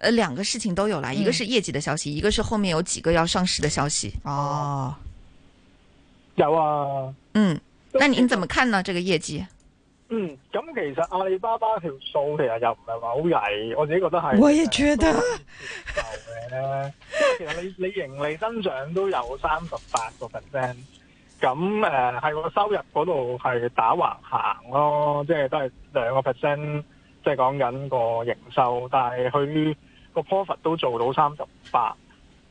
誒，兩個事情都有啦，一個是業績的消息，嗯，一個是後面有幾個要上市的消息。哦，有啊。嗯，那你怎麼看呢？這個業績？嗯，咁其實阿里巴巴條數其實又唔係話好曳，我自己覺得係。我也覺得。好嘅， 因為其實你你盈利增長都有三十八個 percent，咁誒係個收入嗰度係打橫行咯，即係都係兩個 percent，即係講緊個營收，但係佢。個 profit 都做到三十八，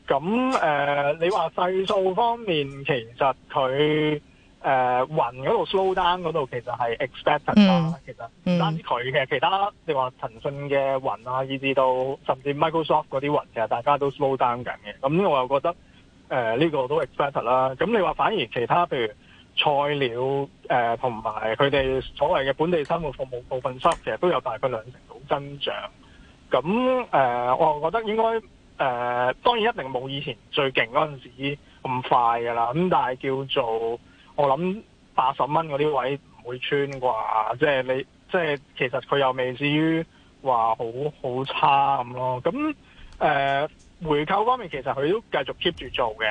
咁、呃、誒，你話細數方面，其實佢誒、呃、雲嗰度 slow down 嗰度、嗯，其實係 expected 啦。其實唔單止佢嘅，其他你話騰訊嘅雲啊，以至到甚至 Microsoft 嗰啲雲，其實大家都 slow down 緊嘅。咁我又覺得誒呢、呃這個都 expected 啦。咁你話反而其他譬如菜鳥誒同埋佢哋所謂嘅本地生活服務部分 shop，其實都有大概兩成到增長。咁誒，我覺得應該誒，當然一定冇以前最勁嗰陣時咁快噶啦。咁但係叫做我諗八十蚊嗰啲位唔會穿啩？即係你即係其實佢又未至於話好好差咁咯。咁誒回購方面，其實佢都繼續 keep 住做嘅，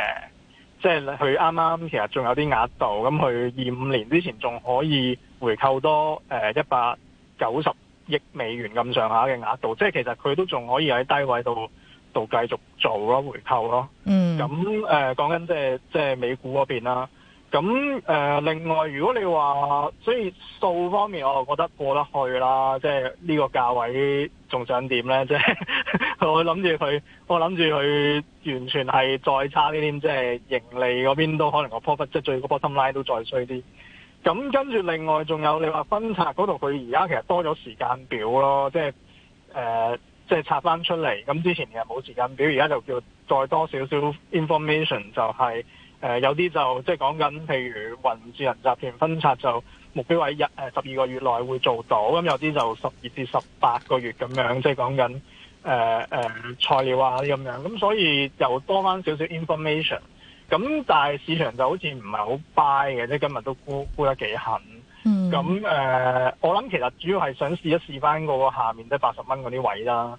即係佢啱啱其實仲有啲額度，咁佢二五年之前仲可以回購多誒一百九十、呃億美元咁上下嘅額度，即係其實佢都仲可以喺低位度度繼續做咯回購咯。咁誒講緊即係即係美股嗰邊啦。咁誒、呃、另外，如果你話所以數方面，我覺得過得去啦。即係呢個價位仲想點咧？即係我諗住佢，我諗住佢完全係再差啲啲，即係盈利嗰邊都可能個 profit，即係最 bottom line 都再衰啲。咁跟住另外仲有你話分拆嗰度，佢而家其實多咗時間表咯，即係誒、呃，即係拆翻出嚟。咁之前其實冇時間表，而家就叫再多少少 information 就係、是、誒、呃，有啲就即係講緊，譬如雲智人集團分拆就目標喺一誒十二個月內會做到，咁有啲就十二至十八個月咁樣，即係講緊誒誒材料啊啲咁樣。咁所以就多翻少少 information。咁但係市場就好似唔係好 buy 嘅，即係今日都沽沽得幾狠。咁、嗯、誒、呃，我諗其實主要係想試一試翻個下面即係八十蚊嗰啲位啦。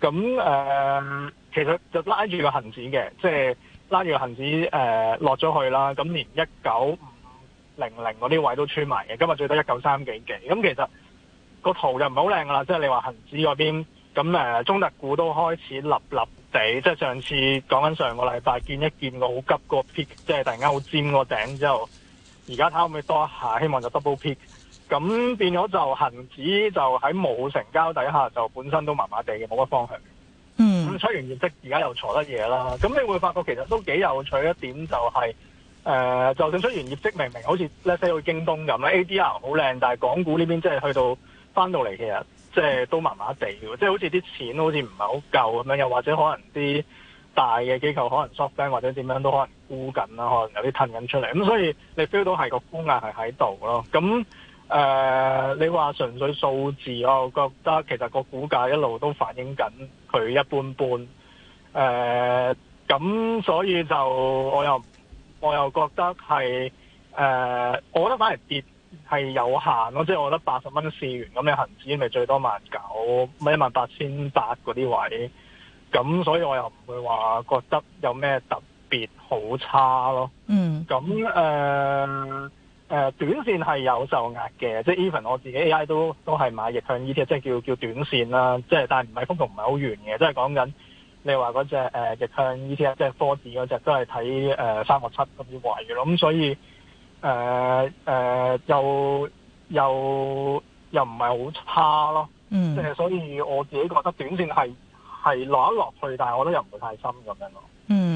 咁誒、呃，其實就拉住個恆指嘅，即係拉住個恆指誒、呃、落咗去啦。咁連一九五零零嗰啲位都穿埋嘅，今日最多一九三幾幾。咁其實個圖就唔係好靚噶啦，即係你話恆指嗰邊咁誒、呃，中特股都開始立立。即係上次講緊上個禮拜見一見個好急個 peak，即係突然間好尖個頂之後，而家睇可唔可以多一下，希望就 double peak。咁變咗就恒指就喺冇成交底下，就本身都麻麻地嘅冇乜方向。Mm. 嗯，咁出完業績，而家又錯得嘢啦。咁你會發覺其實都幾有趣的一點、就是，就係誒，就算出完業績明明好似 let 京東咁啦，ADR 好靚，但係港股呢邊即係去到翻到嚟其實。即係都麻麻地，即係好似啲錢好似唔係好夠咁樣，又或者可能啲大嘅機構可能 short 或者點樣都可能沽緊啦，可能有啲褪緊出嚟，咁所以你 feel 到係個沽壓係喺度咯。咁誒、呃，你話純粹數字，我又覺得其實個股價一路都反映緊佢一般般。誒、呃，咁所以就我又我又覺得係誒、呃，我覺得反而跌。係有限咯，即係我覺得八十蚊試完咁，你恒指咪最多萬九，咪一萬八千八嗰啲位，咁所以我又唔會話覺得有咩特別好差咯。嗯，咁誒誒，短線係有受壓嘅，即係 even 我自己 AI 都都係買逆向 ETF，即係叫叫短線啦，即係但係唔係幅度唔係好遠嘅，即係講緊你話嗰隻誒逆向 ETF 即係科技嗰隻，都係睇誒三或七嗰啲位嘅咯，咁所以。誒、呃、誒、呃，又又又唔係好差咯，即、嗯、係、呃、所以我自己覺得短線係係落一落去，但係我覺得又唔會太深咁樣咯。嗯。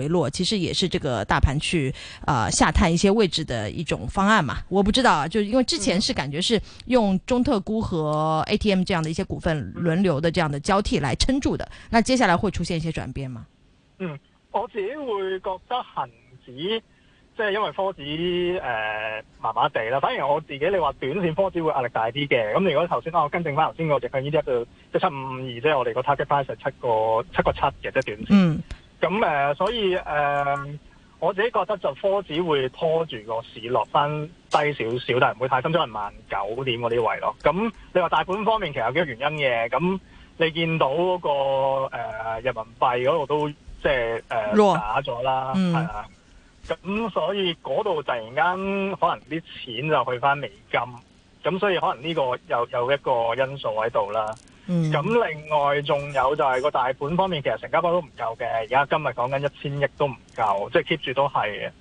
回落其實也是這個大盤去啊、呃、下探一些位置的一種方案嘛，我不知道啊，就是因為之前是感覺是用中特估和 ATM 這樣的一些股份輪流的這樣的交替來撐住的，那接下來會出現一些轉變嗎？嗯，我自己會覺得恒指即係因為科指誒麻麻地啦，反而我自己你話短線科指會壓力大啲嘅，咁如果頭先、啊、我跟正翻頭先個直向呢一個一七五五二即係我哋個 target price 係七個七個七嘅即係短線。嗯咁誒、呃，所以誒、呃，我自己覺得就科指會拖住個市落翻低少少，但係唔會太深，可能萬九點嗰啲位咯。咁你話大盤方面其實有幾個原因嘅，咁你見到嗰、那個、呃、人民幣嗰度都即係誒打咗啦，係、嗯、啊。咁所以嗰度突然間可能啲錢就去翻美金，咁所以可能呢個又有，有一個因素喺度啦。咁、嗯、另外仲有就係個大盤方面，其實成交波都唔夠嘅。而家今日講緊一千億都唔夠，即係 keep 住都係嘅。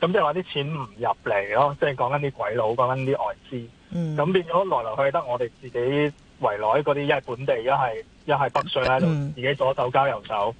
咁即係話啲錢唔入嚟咯，即係講緊啲鬼佬，講緊啲外資。咁變咗來來去去，得我哋自己圍內嗰啲，一係本地，一係一係北水，喺度自己左手交右手。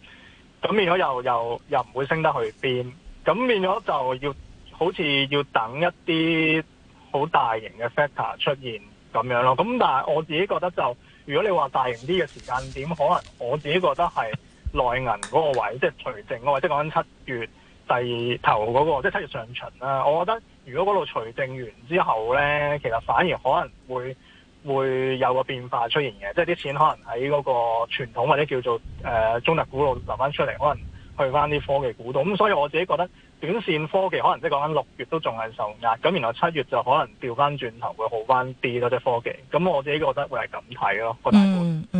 咁變咗又又又唔會升得去邊？咁變咗就要好似要等一啲好大型嘅 factor 出現咁樣咯。咁但係我自己覺得就～如果你話大型啲嘅時間點，可能我自己覺得係內銀嗰個位，即係除淨嗰個，即係講緊七月第頭嗰、那個，即係七月上旬啦、啊。我覺得如果嗰度除淨完之後咧，其實反而可能會會有個變化出現嘅，即係啲錢可能喺嗰個傳統或者叫做、呃、中特股度流翻出嚟，可能去翻啲科技股度。咁、嗯、所以我自己覺得。短線科技可能即係講緊六月都仲係受壓，咁然後七月就可能調翻轉頭會好翻啲咯，即係科技。咁我自己覺得會係咁睇咯，個大。嗯嗯。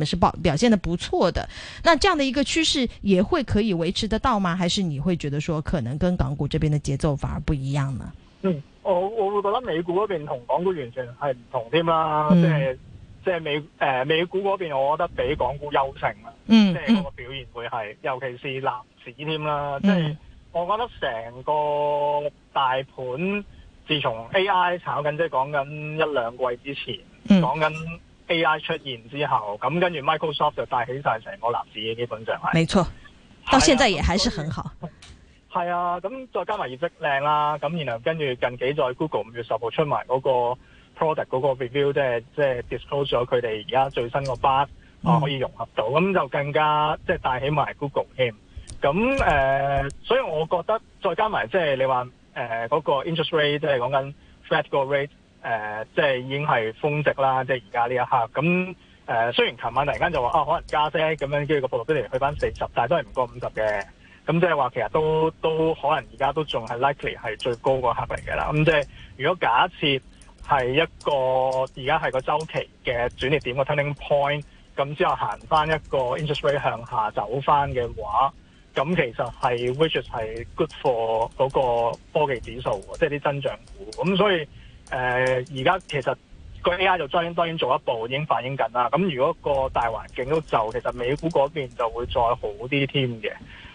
是表表現得不錯的，那這樣的一個趨勢也會可以維持得到嗎？還是你會覺得說可能跟港股這邊的節奏反而不一樣呢？嗯，我我會覺得美股嗰邊同港股完全係唔同添啦，即係即係美誒、呃、美股嗰邊，我覺得比港股優勝啦，即、嗯、係、就是、個表現會係，尤其是納指添啦，即、嗯、係、就是、我覺得成個大盤自從 AI 炒緊，即係講緊一兩季之前，講、嗯、緊。A.I. 出現之後，咁跟住 Microsoft 就帶起晒成個藍字嘅，基本上係。冇錯，到現在也還是很好。係 啊，咁再加埋業績靚啦，咁然後跟住近幾再 Google 五月十號出埋嗰個 product 嗰個 review，即係即係 disclose 咗佢哋而家最新個 Bard 可以融合到，咁就更加即係、就是、帶起埋 Google 添。咁、呃、所以我覺得再加埋即係你話誒嗰個 interest rate，即係講緊 federal rate。誒、呃，即係已經係峰值啦，即係而家呢一刻。咁誒、呃，雖然琴晚突然間就話啊，可能加息咁樣，跟住個波幅都嚟去翻四十，但係都係唔過五十嘅。咁即係話其實都都可能而家都仲係 likely 係最高嗰刻嚟嘅啦。咁即係如果假設係一個而家係個週期嘅轉捩點個 turning point，咁之後行翻一個 interest rate 向下走翻嘅話，咁其實係 which is good for 嗰個科技指數，即係啲增長股。咁所以。誒而家其實個 AI 就當然當然做一步已經反映緊啦。咁如果個大環境都就，其實美股嗰邊就會再好啲添嘅。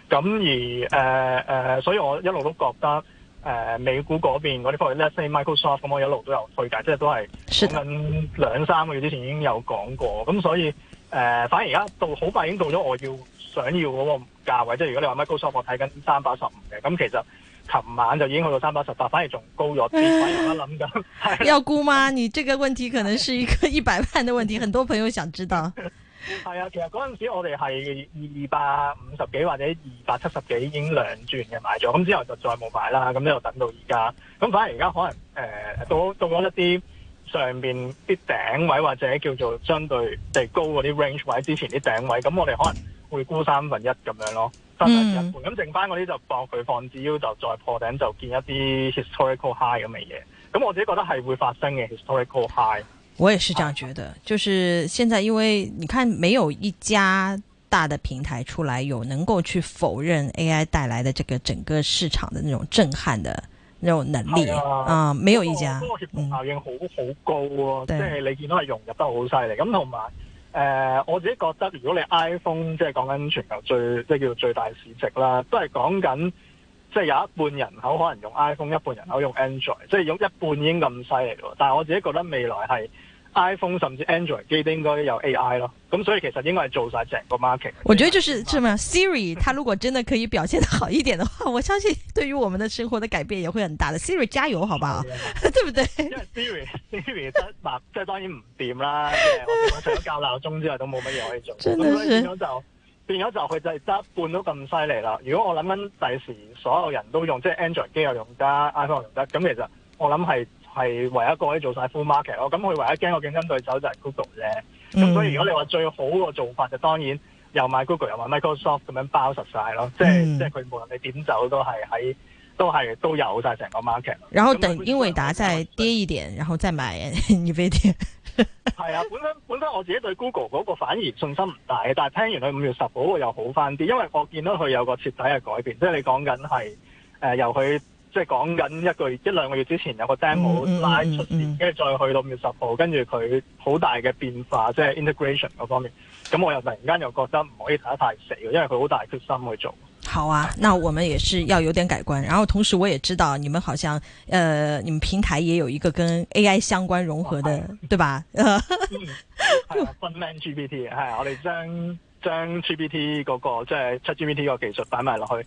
咁而誒、呃呃、所以我一路都覺得誒、呃、美股嗰邊嗰啲科技，例如 let's say Microsoft，咁我一路都有推介，即係都係近兩三個月之前已經有講過。咁所以誒、呃，反而而家到好快已經到咗我要想要嗰個價位。即係如果你話 Microsoft，我睇緊三百十五嘅。咁其實。.琴晚就已經去到三百十八，反而仲高咗啲。我喺度諗緊， 要估嗎？你這個問題可能是一個一百萬嘅問題， 很多朋友想知道。係啊，其實嗰陣時我哋係二百五十幾或者二百七十幾已經兩轉嘅買咗，咁之後就再冇買啦。咁呢度等到而家，咁反而而家可能誒、呃、到到一啲上邊啲頂位或者叫做相對地高嗰啲 range 或者之前啲頂位，咁我哋可能會估三分一咁樣咯。日盤咁，剩翻嗰啲就望佢放止腰，就再破頂就見一啲 historical high 咁嘅嘢。咁我自己覺得係會發生嘅 historical high。我也是這樣覺得，high. 就是現在因為你看，沒有一家大的平台出來有能夠去否認 AI 帶來的這個整個市場的那種震撼的那種能力啊，啊，沒有一家。多、那個那個、協同效應好好高咯、哦，即係你見到係融入得好犀利，咁同埋。誒、呃，我自己覺得，如果你 iPhone，即係講緊全球最即係叫最大市值啦，都係講緊即係有一半人口可能用 iPhone，一半人口用 Android，即係用一半已經咁犀利咯。但係我自己覺得未來係。iPhone 甚至 Android 機都應該有 AI 咯，咁所以其實應該係做晒成個 market。我覺得就是咁樣，Siri，它如果真的可以表現得好一點的話，我相信對於我們的生活的改變也會很大的。Siri 加油，好不好？ 對唔對？因為 Siri，Siri，它 即係當然唔掂啦，除咗校鬧鐘之外都冇乜嘢可以做。真的是。變咗就變咗就佢就得半都咁犀利啦。如果我諗緊第時所有人都用，即 Android 機又用得，iPhone 又用得，咁其實我諗係。係唯一一個可以做晒 full market，我諗佢唯一驚個競爭對手就係 Google 咧。咁所以如果你話最好個做法就當然又買 Google 又買 Microsoft 咁樣包實晒咯、嗯，即係即係佢無論你點走都係喺都係都有晒成個 market。然後等英偉達再跌一點，然後再買要俾 係啊，本身本身我自己對 Google 嗰個反而信心唔大嘅，但係聽完佢五月十號我又好翻啲，因為我見到佢有個徹底嘅改變，即係你講緊係誒由佢。即係講緊一個月一兩個月之前有個 demo 拉出線，跟、嗯、住、嗯嗯、再去到五月十號、嗯嗯、跟住佢好大嘅變化，即、就、係、是、integration 嗰方面。咁我又突然間又覺得唔可以睇得太死因為佢好大決心去做。好啊，那我們也是要有點改觀、嗯。然後同時我也知道你們好像，呃，你們平台也有一個跟 AI 相關融合的，啊、對吧？係、 嗯、啊，分 m n GPT 係我哋將將 GPT 嗰、那個即係七 GPT 個技術擺埋落去。